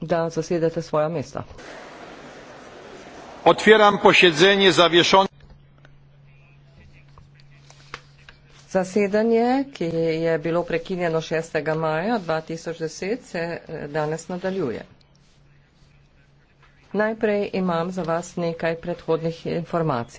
da zasedete svoja mesta. Otvaram posedzenje zavješone. Zasedanje, ki je bilo prekinjeno 6. maja 2010, se eh, danes nadaljuje. Najprej imam za vas nekaj predhodnih informacij.